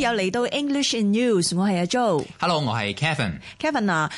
有嚟到 English in News Hello, 我係阿 Joe，Hello，我係 Kevin。Kevin 啊，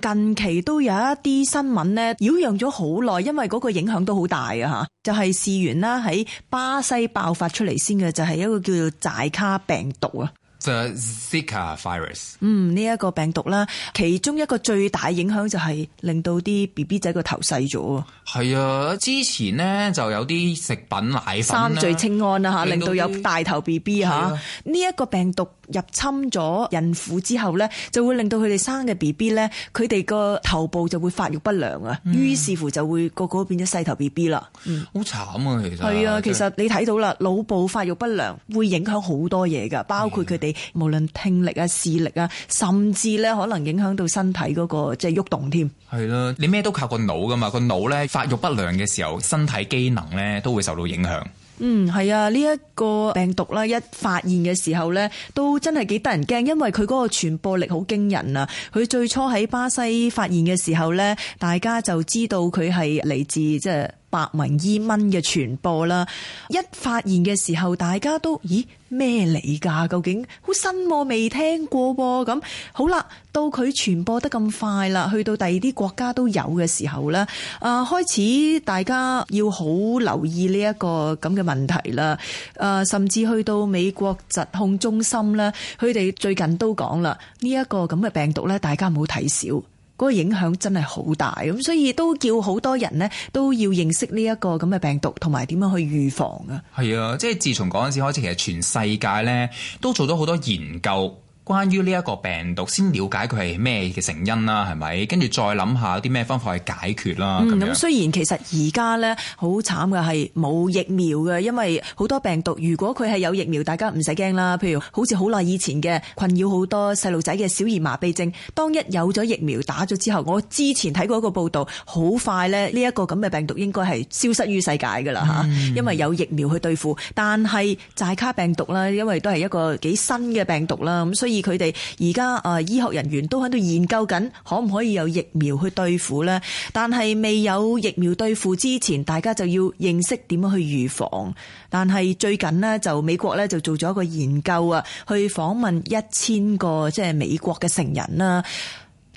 近期都有一啲新聞咧，擾攘咗好耐，因為嗰個影響都好大啊吓，就係、是、事源啦喺巴西爆發出嚟先嘅，就係一個叫做寨卡病毒啊。就 Zika virus，嗯，呢一個病毒啦，其中一個最大影響就係令到啲 B B 仔個頭細咗。係啊，之前咧就有啲食品奶粉三聚氰胺啦吓，令到有大頭 B B 吓。呢一個病毒入侵咗孕婦之後咧，就會令到佢哋生嘅 B B 咧，佢哋個頭部就會發育不良啊。於是乎就會個個變咗細頭 B B 啦。嗯，好慘啊，其實係啊，其實你睇到啦，腦部發育不良會影響好多嘢噶，包括佢哋。無論聽力啊、視力啊，甚至咧可能影響到身體嗰個即係喐動，添係啦。你咩都靠個腦噶嘛，個腦咧發育不良嘅時候，身體機能咧都會受到影響。嗯，係啊，呢一個病毒咧一發現嘅時候咧，都真係幾得人驚，因為佢嗰個傳播力好驚人啊。佢最初喺巴西發現嘅時候咧，大家就知道佢係嚟自即係。白紋伊蚊嘅傳播啦，一發現嘅時候，大家都咦咩嚟噶？究竟好新喎、啊、未聽過噉、啊，好啦，到佢傳播得咁快啦，去到第二啲國家都有嘅時候咧，啊，開始大家要好留意呢一個咁嘅問題啦，啊，甚至去到美國疾控中心咧，佢哋最近都講啦，呢、這、一個咁嘅病毒咧，大家唔好睇少。嗰個影響真係好大，咁所以都叫好多人呢都要認識呢一個咁嘅病毒，同埋點樣去預防啊？係啊，即係自從嗰陣時開始，其實全世界呢都做咗好多研究。關於呢一個病毒，先了解佢係咩嘅成因啦，係咪？跟住再諗下啲咩方法去解決啦。咁、嗯樣嗯、雖然其實而家呢，好慘嘅係冇疫苗嘅，因為好多病毒，如果佢係有疫苗，大家唔使驚啦。譬如好似好耐以前嘅困擾好多細路仔嘅小兒麻痹症，當一有咗疫苗打咗之後，我之前睇過一個報導，好快呢，呢一個咁嘅病毒應該係消失於世界㗎啦嚇，嗯、因為有疫苗去對付。但係寨卡病毒啦，因為都係一個幾新嘅病毒啦，咁所以。佢哋而家啊，醫學人員都喺度研究緊，可唔可以有疫苗去對付呢？但係未有疫苗對付之前，大家就要認識點樣去預防。但係最近呢，就美國咧就做咗一個研究啊，去訪問一千個即係美國嘅成人啦。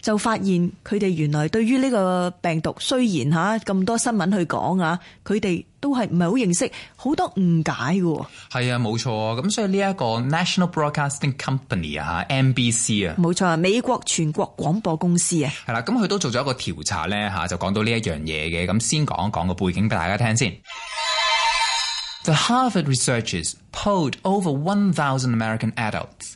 就發現佢哋原來對於呢個病毒，雖然嚇咁多新聞去講啊，佢哋都係唔係好認識，好多誤解嘅。係啊，冇錯啊，咁所以呢一個 National Broadcasting Company NBC, 啊 NBC 啊，冇錯，美國全國廣播公司啊，係啦，咁佢都做咗一個調查咧嚇，就講到呢一樣嘢嘅，咁先講一講個背景俾大家聽先。就 Harvard researchers polled over one thousand American adults.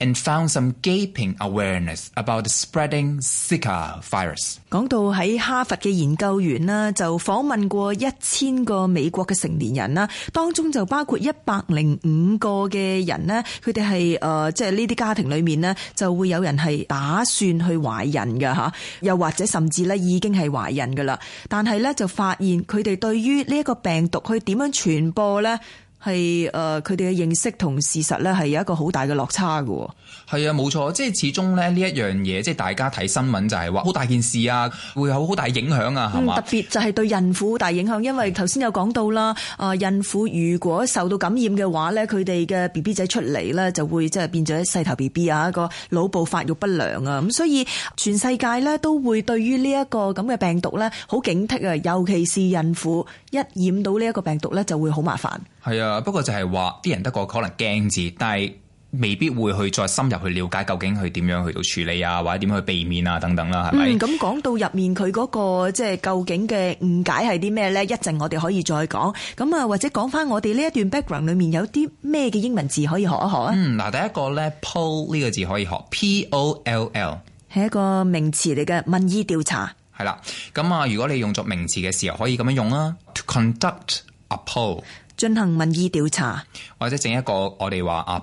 and found some gaping awareness about spreading Zika virus。講到喺哈佛嘅研究員呢，就訪問過一千個美國嘅成年人啦，當中就包括一百零五個嘅人呢，佢哋係誒，即係呢啲家庭裏面呢，就會有人係打算去懷孕㗎吓，又或者甚至呢已經係懷孕㗎喇，但係呢，就發現佢哋對於呢一個病毒去點樣傳播呢，係誒，佢哋嘅認識同事實咧係有一個好大嘅落差嘅。係啊，冇錯，即係始終咧呢一樣嘢，即係大家睇新聞就係話好大件事啊，會有好大影響啊，係嘛、嗯？特別就係對孕婦好大影響，因為頭先有講到啦，啊孕婦如果受到感染嘅話咧，佢哋嘅 B B 仔出嚟咧就會即係變咗細頭 B B 啊，個腦部發育不良啊，咁所以全世界咧都會對於呢一個咁嘅病毒咧好警惕啊，尤其是孕婦一染到呢一個病毒咧就會好麻煩。係啊，不過就係話啲人得個可能驚字，但係。未必會去再深入去了解究竟佢點樣去到處理啊，或者點去避免啊等等啦，係咪？咁講、嗯、到入面佢嗰、嗰個即係究竟嘅誤解係啲咩咧？一陣我哋可以再講。咁啊，或者講翻我哋呢一段 background 裡面有啲咩嘅英文字可以學一學啊？嗯，嗱，第一個咧 poll 呢個字可以學 p o l l 係一個名詞嚟嘅民意調查。係啦，咁啊，如果你用作名詞嘅時候，可以咁樣用啦 To conduct a poll 進行民意調查，或者整一個我哋話啊。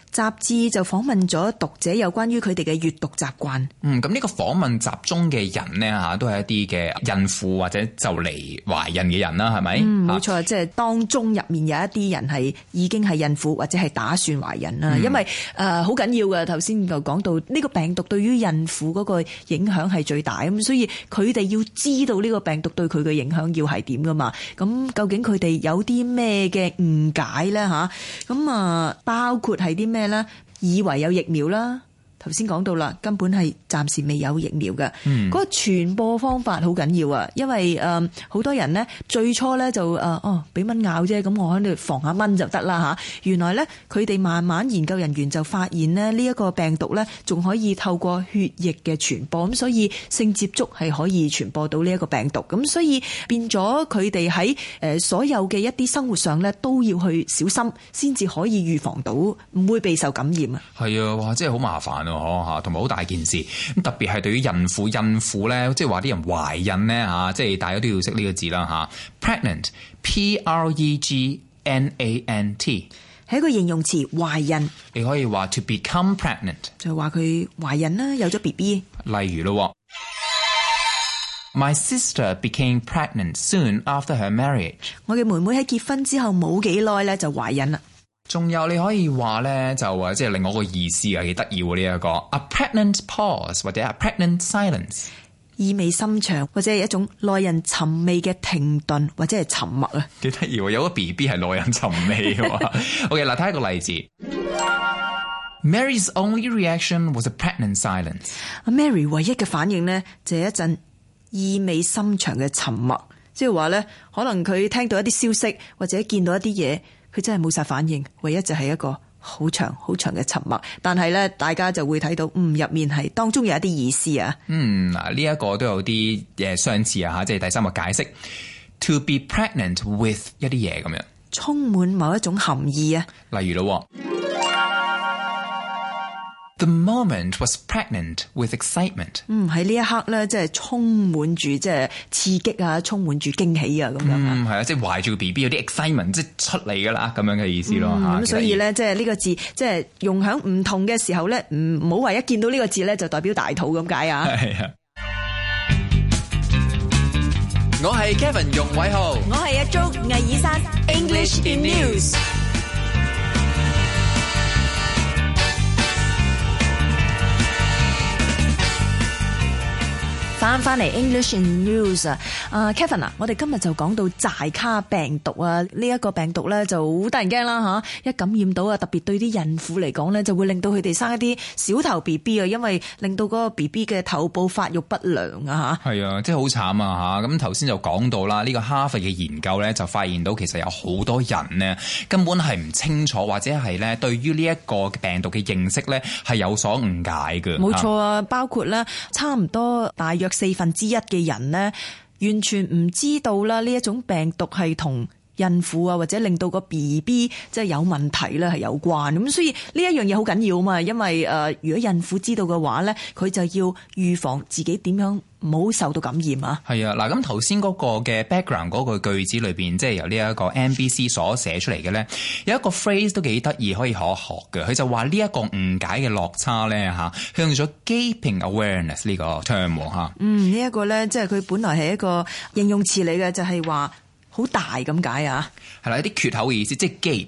雜誌就訪問咗讀者有關於佢哋嘅閱讀習慣。嗯，咁呢個訪問集中嘅人呢，吓，都係一啲嘅孕婦或者就嚟懷孕嘅人啦，係咪？嗯，冇錯，即係當中入面有一啲人係已經係孕婦或者係打算懷孕啦。嗯，因為誒好緊要噶，頭先就講到呢個病毒對於孕婦嗰個影響係最大咁，所以佢哋要知道呢個病毒對佢嘅影響要係點噶嘛。咁究竟佢哋有啲咩嘅誤解咧吓？咁啊，包括係啲咩？咩啦？ 以為有疫苗啦？頭先講到啦，根本係暫時未有疫苗嘅。嗰個、嗯、傳播方法好緊要啊，因為誒好多人呢，最初呢就誒哦俾蚊咬啫，咁我喺度防下蚊就得啦嚇。原來呢，佢哋慢慢研究人員就發現呢呢一個病毒呢，仲可以透過血液嘅傳播，咁所以性接觸係可以傳播到呢一個病毒，咁所以變咗佢哋喺誒所有嘅一啲生活上呢，都要去小心，先至可以預防到唔會備受感染啊。係啊，哇！真係好麻煩啊～哦吓，同埋好大件事，咁特別係對於孕婦，孕婦咧，即係話啲人懷孕咧吓，即係大家都要識呢個字啦吓，啊，pregnant，P-R-E-G-N-A-N-T，係，e，一個形容詞，懷孕。你可以話 to become pregnant 就係話佢懷孕啦，有咗 B B。例如咯，my sister became pregnant soon after her marriage。我嘅妹妹喺結婚之後冇幾耐咧就懷孕啦。仲有你可以話咧，就誒，即係另外個意思啊，幾得意喎呢一個。A pregnant pause 或者 a pregnant silence，意味深長或者係一種耐人尋味嘅停頓或者係沉默啊，幾得意，有個 B B 係耐人尋味嘅。OK 嗱，睇一個例子，Mary's only reaction was a pregnant silence。Mary 唯一嘅反應呢，就係一陣意味深長嘅沉默，即係話咧，可能佢聽到一啲消息或者見到一啲嘢。佢真係冇晒反應，唯一就係一個好長好長嘅沉默。但係咧，大家就會睇到，嗯，入面係當中有一啲意思啊。嗯，嗱，呢一個都有啲誒相似啊，吓，即係第三個解釋，to be pregnant with 一啲嘢咁樣，充滿某一種含義啊，例如咯。The moment was pregnant with excitement。嗯，喺呢一刻咧，即係充滿住即係刺激啊，充滿住驚喜啊，咁樣啊。嗯，係啊，即係懷住個 B B 有啲 excitement，即係出嚟噶啦，咁樣嘅意思咯。咁、嗯、所以咧，即係呢個字，即係用喺唔同嘅時候咧，唔好話一見到呢個字咧就代表大肚咁解啊。我係 Kevin 容偉豪，我係阿 Joey 鍾藝爾山 English in News。翻返嚟 English News 啊，uh，Kevin 啊，我哋今日就講到寨卡病毒啊，呢一個病毒咧就好得人驚啦吓，一感染到啊，特別對啲孕婦嚟講咧，就會令到佢哋生一啲小頭 B B 啊，因為令到個 B B 嘅頭部發育不良啊吓。係啊，啊，即係好慘啊吓。咁頭先就講到啦，呢個哈佛嘅研究咧就發現到，其實有好多人咧根本係唔清楚，或者係咧對於呢一個病毒嘅認識咧係有所誤解嘅。冇錯啊，啊包括咧差唔多大約。四分之一嘅人呢，完全唔知道啦，呢一種病毒係同孕婦啊，或者令到個 BB 即係有問題啦，係有關咁，所以呢一樣嘢好緊要啊嘛，因為誒、呃，如果孕婦知道嘅話呢，佢就要預防自己點樣。唔好受到感染啊！係啊，嗱咁頭先嗰個嘅 background 嗰句句子裏邊，即係由呢一個 NBC 所寫出嚟嘅咧，有一個 phrase 都幾得意，可以可學嘅。佢就話呢一個誤解嘅落差咧，嚇，用咗 gaping awareness 呢個 term 嚇嗯，這個、呢一個咧，即係佢本來係一個形容詞嚟嘅，就係話好大咁解啊。係啦，有啲缺口嘅意思，即係 gap。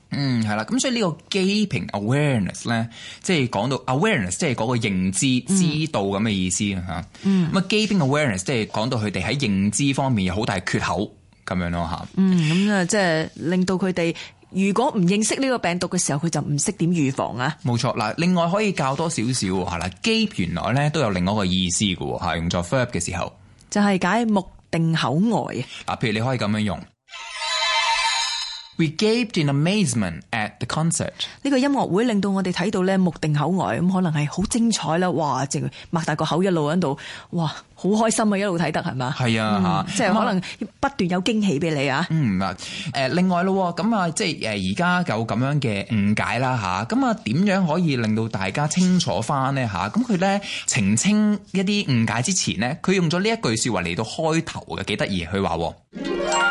嗯，係啦，咁所以呢個 Gaping awareness 咧，即係講到 awareness，即係講個認知、知道咁嘅意思嚇。咁啊，嗯，Gaping awareness 即係講到佢哋喺認知方面有好大缺口咁樣咯吓，嗯，咁啊，即係令到佢哋如果唔認識呢個病毒嘅時候，佢就唔識點預防啊。冇錯，嗱，另外可以教多少少係啦。Gap 原來咧都有另外一個意思嘅喎，用作 verb 嘅時候，就係解目定口呆啊。譬如你可以咁樣用。We gaped in amazement at the concert。呢個音樂會令到我哋睇到咧目定口呆，咁可能係好精彩啦！哇，即擘大個口一路喺度，哇，好開心一路一路啊！一路睇得係嘛？係啊，即係可能不斷有驚喜俾你啊！嗯啊，誒、呃，另外咯，咁啊，即係誒，而家有咁樣嘅誤解啦，吓咁啊，點樣可以令到大家清楚翻呢？吓咁佢咧澄清一啲誤解之前咧，佢用咗呢一句說話嚟到開頭嘅，幾得意佢話。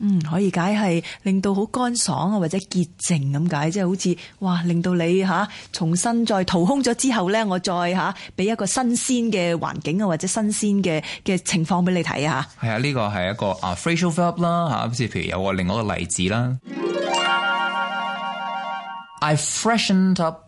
嗯，可以解係令到好乾爽啊，或者潔淨咁解，即係好似哇，令到你吓、啊、重新再掏空咗之後咧，我再吓俾、啊、一個新鮮嘅環境啊，或者新鮮嘅嘅情況俾你睇下。係啊，呢個係一個 phrasal verb，啊，freshen up 啦吓，好似譬如有個另外一個例子啦，I freshened up。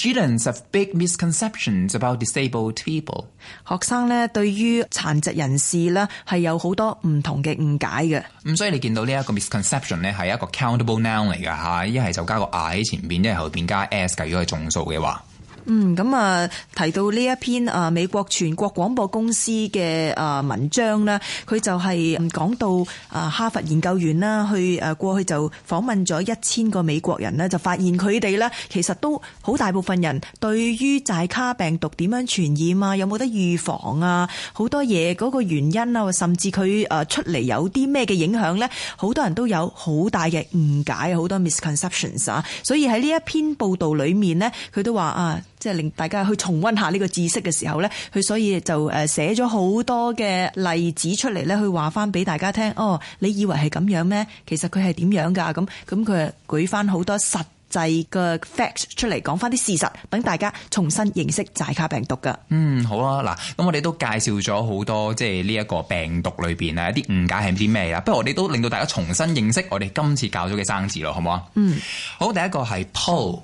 Students have big misconceptions about disabled people. 學生咧對於殘疾人士咧係有好多唔同嘅誤解嘅，咁所以你見到呢一個 misconception 咧係一個 countable noun 嚟㗎嚇，一係就加個 i 喺前邊，一係後邊加 s 㗎。如果係眾數嘅話。嗯，咁啊提到呢一篇啊美國全國廣播公司嘅啊文章咧，佢就係、是、講、嗯、到啊哈佛研究員啦，去、啊、誒過去就訪問咗一千個美國人咧，就發現佢哋咧其實都好大部分人對於寨卡病毒點樣傳染啊，有冇得預防啊，好多嘢嗰、那個原因啊，甚至佢誒、啊、出嚟有啲咩嘅影響咧，好多人都有好大嘅誤解，好多 misconceptions 啊，所以喺呢一篇報道裏面咧，佢都話啊。即係令大家去重温下呢個知識嘅時候咧，佢所以就誒寫咗好多嘅例子出嚟咧，去話翻俾大家聽。哦，你以為係咁樣咩？其實佢係點樣噶？咁咁佢舉翻好多實際嘅 facts 出嚟，講翻啲事實，等大家重新認識寨卡病毒噶。嗯，好啊。嗱，咁我哋都介紹咗好多，即係呢一個病毒裏邊啊，一啲誤解係啲咩啦？不如我哋都令到大家重新認識我哋今次教咗嘅生字咯，好唔好啊？嗯，好。第一個係 poll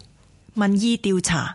民意調查。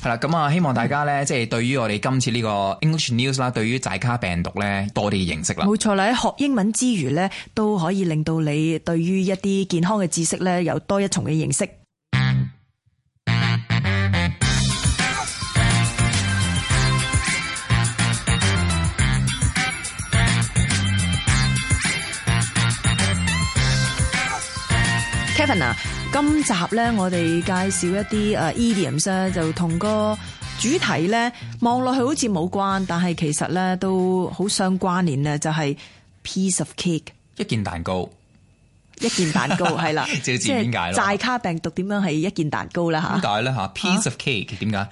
係啦，咁啊，希望大家咧，即係對於我哋今次呢個 English News 啦， 對於寨卡病毒咧，多啲認識啦。冇錯啦，喺學英文之餘咧，都可以令到你對於一啲健康嘅知識咧，有多一重嘅認識。 Kevin 啊！今集咧，我哋介紹一啲誒 idioms 咧，uh, idioms，就同個主題咧望落去好似冇關係，但係其實咧都好相關聯咧，就係、是、piece of cake，一件蛋糕，一件蛋糕，係啦 了，即係點解寨卡病毒點樣係一件蛋糕啦？嚇點解咧？嚇、啊、piece of cake 點解？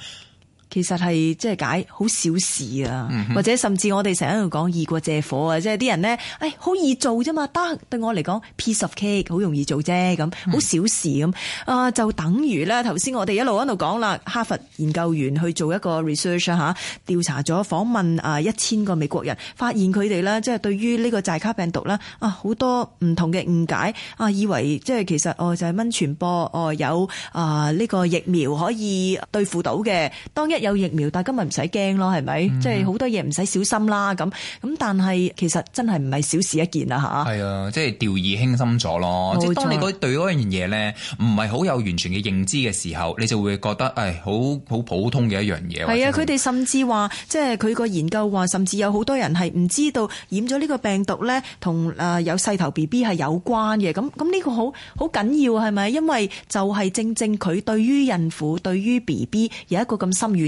其實係即係解好小事啊，嗯、哼或者甚至我哋成日喺度講易過借火啊，即係啲人咧誒好易做啫嘛，得對我嚟講 P 十 K 好容易做啫咁，好小事咁啊、嗯、啊，就等於咧頭先我哋一路喺度講啦，哈佛研究員去做一個 research 啊，嚇，調查咗訪問啊一千個美國人，發現佢哋咧即係對於呢個寨卡病毒咧啊好多唔同嘅誤解啊，以為即係其實哦就係、是、蚊傳播哦有啊呢、這個疫苗可以對付到嘅，當。一有疫苗，但係今日唔使驚咯，係咪？嗯、即係好多嘢，唔使小心啦，咁咁。但係其實真係唔係小事一件啊，吓係啊，即係掉以輕心咗咯。錯即當你對嗰樣嘢咧，唔係好有完全嘅認知嘅時候，你就會覺得誒，好好普通嘅一樣嘢。係啊，佢哋甚至話，即係佢個研究話，甚至有好多人係唔知道染咗呢個病毒咧，同誒有細頭 B B 係有關嘅。咁咁呢個好好緊要係咪？因為就係正正佢對於孕婦對於 B B 有一個咁深遠。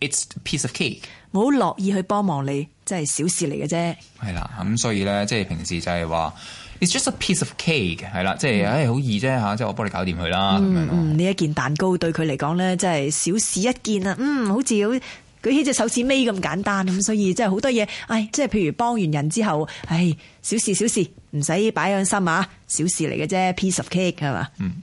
It's a piece of cake。我好樂意去幫忙你，即係小事嚟嘅啫。係啦，咁所以咧，即係平時就係話，it's just a piece of cake 嘅，係啦，即係，唉，好易啫吓，即係我幫你搞掂佢啦。嗯，呢一件蛋糕對佢嚟講咧，即係小事一件啊。嗯，好似好舉起隻手指尾咁簡單咁，所以真係好多嘢，唉，即係譬如幫完人之後，唉，小事小事，唔使擺上心啊，小事嚟嘅啫，piece of cake 係嘛。嗯。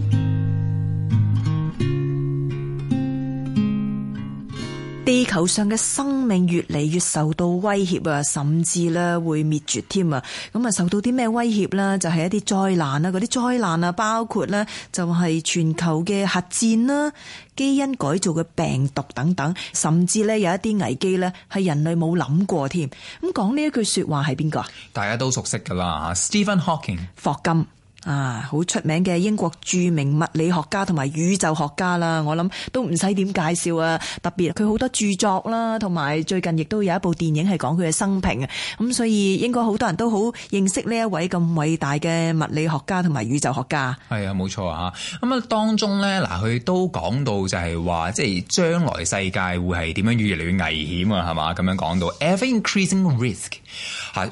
地球上嘅生命越嚟越受到威脅啊，甚至咧會滅絕添啊！咁啊，受到啲咩威脅咧？就係一啲災難啊，嗰啲災難啊，包括咧就係全球嘅核戰啦、基因改造嘅病毒等等，甚至咧有一啲危機咧係人類冇諗過添。咁講呢一句說話係邊個啊？大家都熟悉噶啦，Stephen Hawking 霍金。啊，好出名嘅英國著名物理學家同埋宇宙學家啦，我諗都唔使點介紹啊。特別佢好多著作啦，同埋最近亦都有一部電影係講佢嘅生平啊。咁所以應該好多人都好認識呢一位咁偉大嘅物理學家同埋宇宙學家。係啊，冇錯啊。咁啊，當中呢，嗱，佢都講到就係話，即係將來世界會係點樣越嚟越危險啊，係嘛？咁樣講到 ever increasing risk。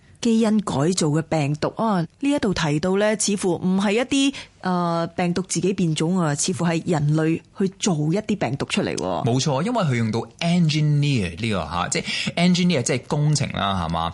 基因改造嘅病毒啊，呢一度提到咧，似乎唔係一啲誒、呃、病毒自己變種啊，似乎係人類去做一啲病毒出嚟。冇錯，因為佢用到 engineer 呢、這個吓，即、就、係、是、engineer 即係工程啦，係嘛。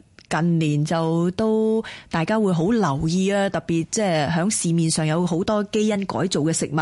近年就都大家都會好留意啊，特別即係喺市面上有好多基因改造嘅食物，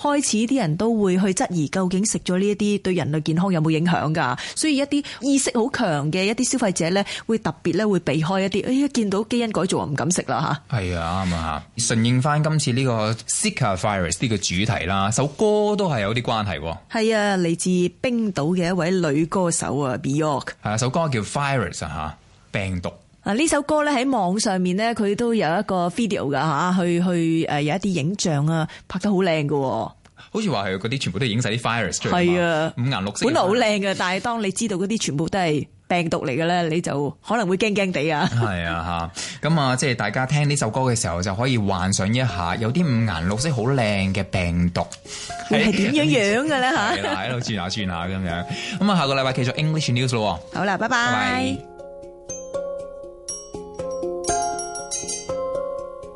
開始啲人都會去質疑究竟食咗呢一啲對人類健康有冇影響噶所以一啲意識好強嘅一啲消費者咧，會特別咧會避開一啲，哎一見到基因改造就唔敢食啦吓。係啊，啱啊吓，順應翻今次呢個 Zika Virus 呢個主題啦，首歌都係有啲關係。係啊，嚟自冰島嘅一位女歌手啊，Bjork。係啊，首歌叫 Virus 啊吓。病毒啊！呢首歌咧喺網上面咧，佢都有一個 video 噶吓，去去誒有一啲影像啊，拍得好靚噶喎，好似話係嗰啲全部都係影晒啲 virus，係啊，五顏六色。本來好靚噶，但係當你知道嗰啲全部都係病毒嚟嘅咧，你就可能會驚驚地啊。係啊吓，咁啊即係大家聽呢首歌嘅時候就可以幻想一下，有啲五顏六色好靚嘅病毒係點樣樣嘅咧吓，喺度轉下轉下咁樣。咁啊下個禮拜繼續 English news 咯。好啦，拜拜。